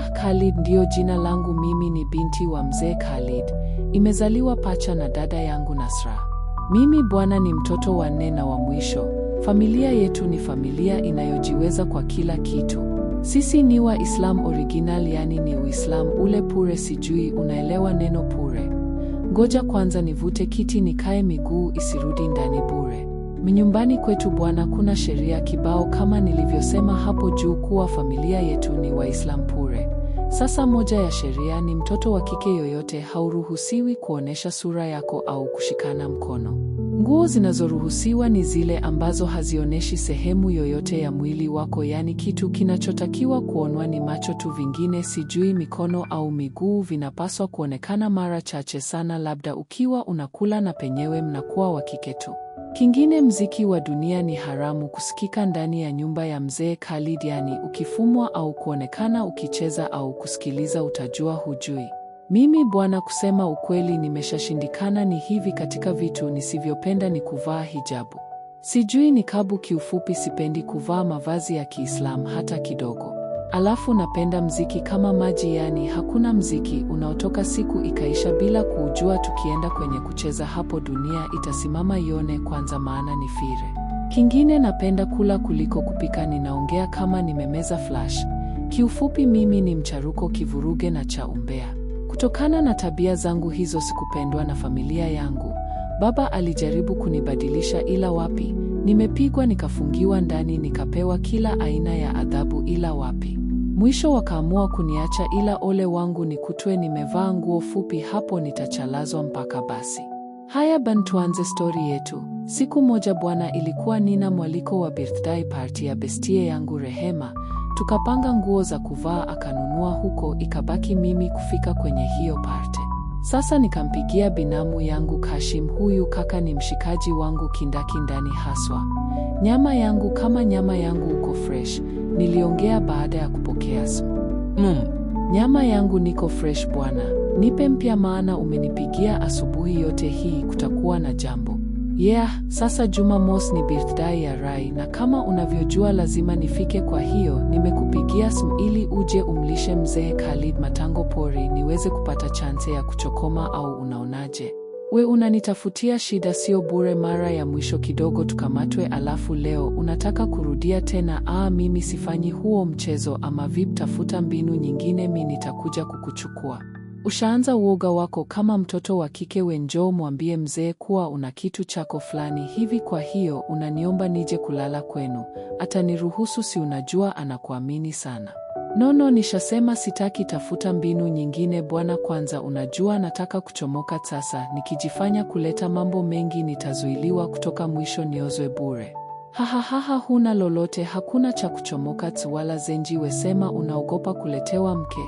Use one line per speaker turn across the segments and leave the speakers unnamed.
Farah Khalid ndiyo jina langu. Mimi ni binti wa mzee Khalid, imezaliwa pacha na dada yangu Nasra. Mimi bwana, ni mtoto wa nne na wa mwisho. Familia yetu ni familia inayojiweza kwa kila kitu. Sisi ni wa Islam original, yani ni Uislam ule pure. Sijui unaelewa neno pure? Ngoja kwanza nivute kiti nikae, miguu isirudi ndani bure. Mnyumbani kwetu Bwana kuna sheria kibao, kama nilivyosema hapo juu kuwa familia yetu ni Waislamu pure. Sasa moja ya sheria ni mtoto wa kike yoyote hauruhusiwi kuonesha sura yako au kushikana mkono. Nguo zinazoruhusiwa ni zile ambazo hazionyeshi sehemu yoyote ya mwili wako, yaani kitu kinachotakiwa kuonwa ni macho tu, vingine sijui mikono au miguu vinapaswa kuonekana mara chache sana, labda ukiwa unakula na penyewe mnakuwa wa kike tu. Kingine, mziki wa dunia ni haramu kusikika ndani ya nyumba ya mzee Khalid, yani ukifumwa au kuonekana ukicheza au kusikiliza utajua hujui. Mimi bwana, kusema ukweli, nimeshashindikana. Ni hivi, katika vitu nisivyopenda ni kuvaa hijabu. Sijui nikabu, kiufupi sipendi kuvaa mavazi ya Kiislamu hata kidogo. Alafu napenda mziki kama maji, yani hakuna mziki unaotoka siku ikaisha bila kuujua. Tukienda kwenye kucheza, hapo dunia itasimama ione kwanza, maana ni fire. Kingine napenda kula kuliko kupika, ninaongea kama nimemeza flash. Kiufupi mimi ni mcharuko, kivuruge na cha umbea. Kutokana na tabia zangu hizo sikupendwa na familia yangu. Baba alijaribu kunibadilisha ila wapi, nimepigwa nikafungiwa ndani nikapewa kila aina ya adhabu ila wapi. Mwisho wakaamua kuniacha, ila ole wangu nikutwe nimevaa nguo fupi, hapo nitachalazwa mpaka basi. Haya ban, tuanze stori yetu. Siku moja bwana, ilikuwa nina mwaliko wa birthday party ya bestie yangu Rehema. Tukapanga nguo za kuvaa, akanunua huko, ikabaki mimi kufika kwenye hiyo party. Sasa nikampigia binamu yangu Kashim. Huyu kaka ni mshikaji wangu kindaki ndani haswa. Nyama yangu kama nyama yangu uko fresh niliongea baada ya kupokea mm, nyama yangu niko fresh bwana, nipe mpya, maana umenipigia asubuhi yote hii, kutakuwa na jambo yeah. Sasa Jumamosi ni birthday ya Rai na kama unavyojua lazima nifike, kwa hiyo nimekupigia simu ili uje umlishe mzee Khalid matango pori, niweze kupata chance ya kuchokoma, au unaonaje? We unanitafutia shida sio bure. Mara ya mwisho kidogo tukamatwe, alafu leo unataka kurudia tena? Aa, ah, mimi sifanyi huo mchezo. Ama vip, tafuta mbinu nyingine, mi nitakuja kukuchukua. Ushaanza uoga wako kama mtoto wa kike. wenjoo mwambie mzee kuwa una kitu chako fulani hivi. Kwa hiyo unaniomba nije kulala kwenu? Ataniruhusu? Si unajua anakuamini sana. Nono, nishasema sitaki, tafuta mbinu nyingine bwana. Kwanza unajua nataka kuchomoka sasa, nikijifanya kuleta mambo mengi nitazuiliwa kutoka, mwisho niozwe bure. Hahahaha, huna lolote, hakuna cha kuchomoka tu wala zenji. Wesema unaogopa kuletewa mke,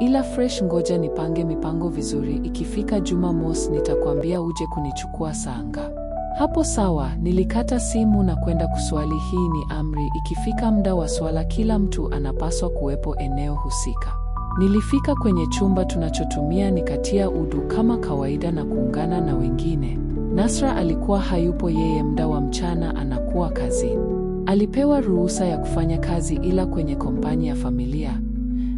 ila fresh, ngoja nipange mipango vizuri. Ikifika Jumamosi nitakwambia uje kunichukua sanga. Hapo sawa, nilikata simu na kwenda kuswali. Hii ni amri, ikifika muda wa swala kila mtu anapaswa kuwepo eneo husika. Nilifika kwenye chumba tunachotumia nikatia udu kama kawaida na kuungana na wengine. Nasra alikuwa hayupo, yeye muda wa mchana anakuwa kazini. Alipewa ruhusa ya kufanya kazi ila kwenye kompani ya familia,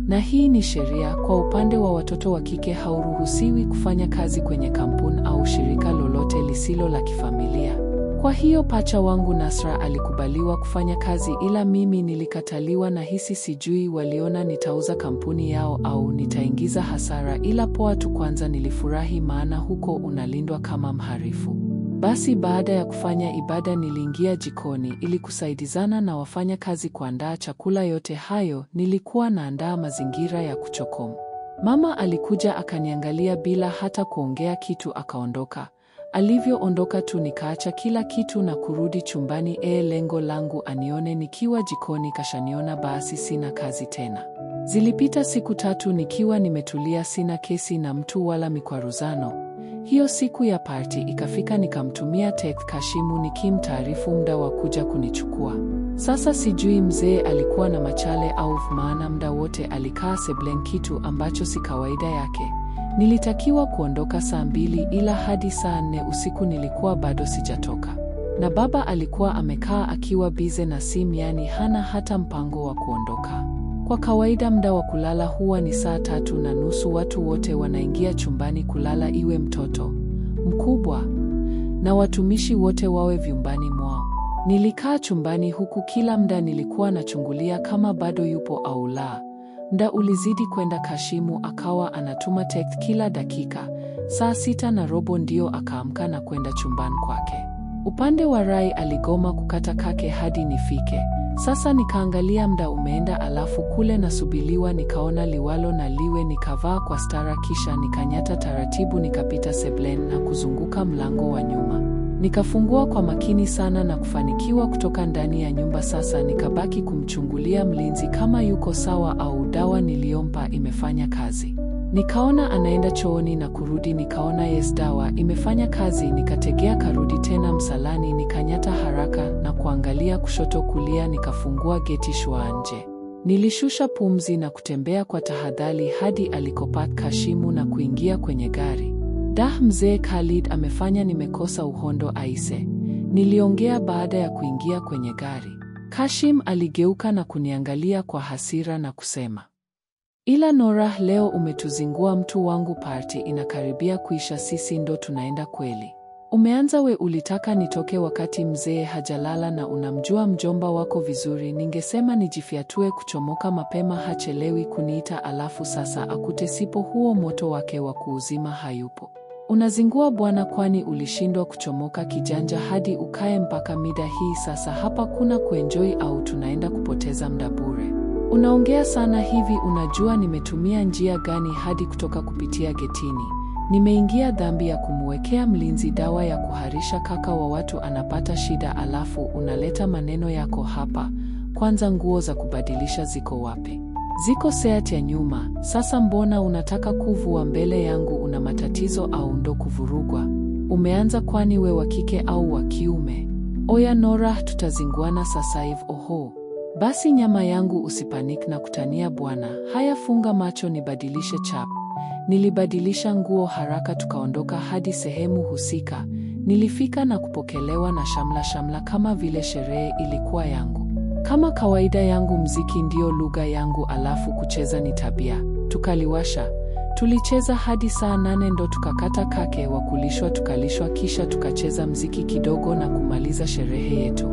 na hii ni sheria. Kwa upande wa watoto wa kike, hauruhusiwi kufanya kazi kwenye kampuni au shirika lolote lolote lisilo la kifamilia. Kwa hiyo pacha wangu Nasra alikubaliwa kufanya kazi, ila mimi nilikataliwa na hisi, sijui waliona nitauza kampuni yao au nitaingiza hasara, ila poa tu kwanza. Nilifurahi maana huko unalindwa kama mharifu. Basi baada ya kufanya ibada niliingia jikoni ili kusaidizana na wafanya kazi kuandaa chakula. Yote hayo nilikuwa naandaa mazingira ya kuchokom Mama alikuja akaniangalia bila hata kuongea kitu, akaondoka. Alivyoondoka tu nikaacha kila kitu na kurudi chumbani. Ee, lengo langu anione nikiwa jikoni, kashaniona, basi sina kazi tena. Zilipita siku tatu nikiwa nimetulia, sina kesi na mtu wala mikwaruzano. Hiyo siku ya party ikafika, nikamtumia text Kashimu nikimtaarifu muda wa kuja kunichukua. Sasa sijui mzee alikuwa na machale au maana, muda wote alikaa seblen, kitu ambacho si kawaida yake. Nilitakiwa kuondoka saa mbili ila hadi saa nne usiku nilikuwa bado sijatoka, na baba alikuwa amekaa akiwa bize na simu, yani hana hata mpango wa kuondoka. Kwa kawaida muda wa kulala huwa ni saa tatu na nusu. Watu wote wanaingia chumbani kulala, iwe mtoto mkubwa na watumishi wote wawe vyumbani mwao. Nilikaa chumbani huku kila muda nilikuwa nachungulia kama bado yupo au la. Mda ulizidi kwenda, Kashimu akawa anatuma text kila dakika. Saa sita na robo ndio akaamka na kwenda chumbani kwake. Upande wa Rai aligoma kukata kake hadi nifike. Sasa nikaangalia mda umeenda, alafu kule nasubiliwa nikaona liwalo na liwe, nikavaa kwa stara, kisha nikanyata taratibu, nikapita seblen na kuzunguka mlango wa nyuma. Nikafungua kwa makini sana na kufanikiwa kutoka ndani ya nyumba. Sasa nikabaki kumchungulia mlinzi kama yuko sawa au dawa niliyompa imefanya kazi. Nikaona anaenda chooni na kurudi, nikaona yes, dawa imefanya kazi. Nikategea karudi tena msalani, nikanyata haraka na kuangalia kushoto kulia, nikafungua geti shwa nje. Nilishusha pumzi na kutembea kwa tahadhari hadi alikopaka Kashimu na kuingia kwenye gari. Dah, mzee Khalid amefanya, nimekosa uhondo aise, niliongea baada ya kuingia kwenye gari. Kashim aligeuka na kuniangalia kwa hasira na kusema, ila Nora, leo umetuzingua mtu wangu, party inakaribia kuisha, sisi ndo tunaenda kweli? Umeanza we, ulitaka nitoke wakati mzee hajalala na unamjua mjomba wako vizuri. Ningesema nijifiatue kuchomoka mapema, hachelewi kuniita alafu sasa akute sipo, huo moto wake wa kuuzima hayupo. Unazingua bwana, kwani ulishindwa kuchomoka kijanja hadi ukae mpaka mida hii? Sasa hapa kuna kuenjoi au tunaenda kupoteza muda bure? Unaongea sana hivi. Unajua nimetumia njia gani hadi kutoka kupitia getini? Nimeingia dhambi ya kumwekea mlinzi dawa ya kuharisha. Kaka wa watu anapata shida, alafu unaleta maneno yako hapa. Kwanza nguo za kubadilisha ziko wapi? Ziko Seat ya nyuma, sasa mbona unataka kuvu wa mbele yangu? Una matatizo au ndo kuvurugwa umeanza? Kwani we wa kike au wa kiume? Oya Nora, tutazinguana sasa hivi. Oho, basi nyama yangu, usipanik na kutania bwana. Haya, funga macho nibadilishe chap. Nilibadilisha nguo haraka, tukaondoka hadi sehemu husika. Nilifika na kupokelewa na shamla shamla kama vile sherehe ilikuwa yangu. Kama kawaida yangu, mziki ndiyo lugha yangu, alafu kucheza ni tabia. Tukaliwasha, tulicheza hadi saa nane ndo tukakata kake wa kulishwa, tukalishwa, kisha tukacheza mziki kidogo na kumaliza sherehe yetu.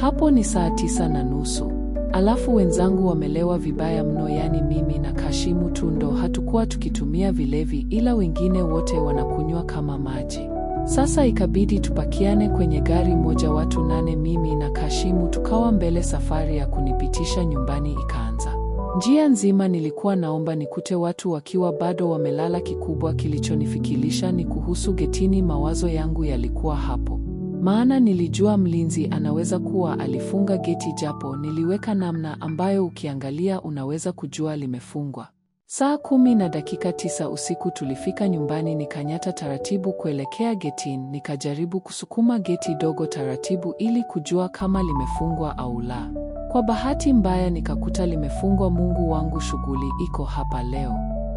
Hapo ni saa tisa na nusu. Alafu wenzangu wamelewa vibaya mno, yani mimi na Kashimu tu ndo hatukuwa tukitumia vilevi, ila wengine wote wanakunywa kama maji. Sasa ikabidi tupakiane kwenye gari moja, watu nane, mimi na Kashimu, tukawa mbele. Safari ya kunipitisha nyumbani ikaanza. Njia nzima nilikuwa naomba nikute watu wakiwa bado wamelala. Kikubwa kilichonifikilisha ni kuhusu getini. Mawazo yangu yalikuwa hapo, maana nilijua mlinzi anaweza kuwa alifunga geti, japo niliweka namna ambayo ukiangalia unaweza kujua limefungwa. Saa kumi na dakika tisa usiku tulifika nyumbani. Nikanyata taratibu kuelekea getin nikajaribu kusukuma geti dogo taratibu ili kujua kama limefungwa au la. Kwa bahati mbaya nikakuta limefungwa. Mungu wangu, shughuli iko hapa leo,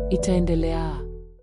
itaendelea.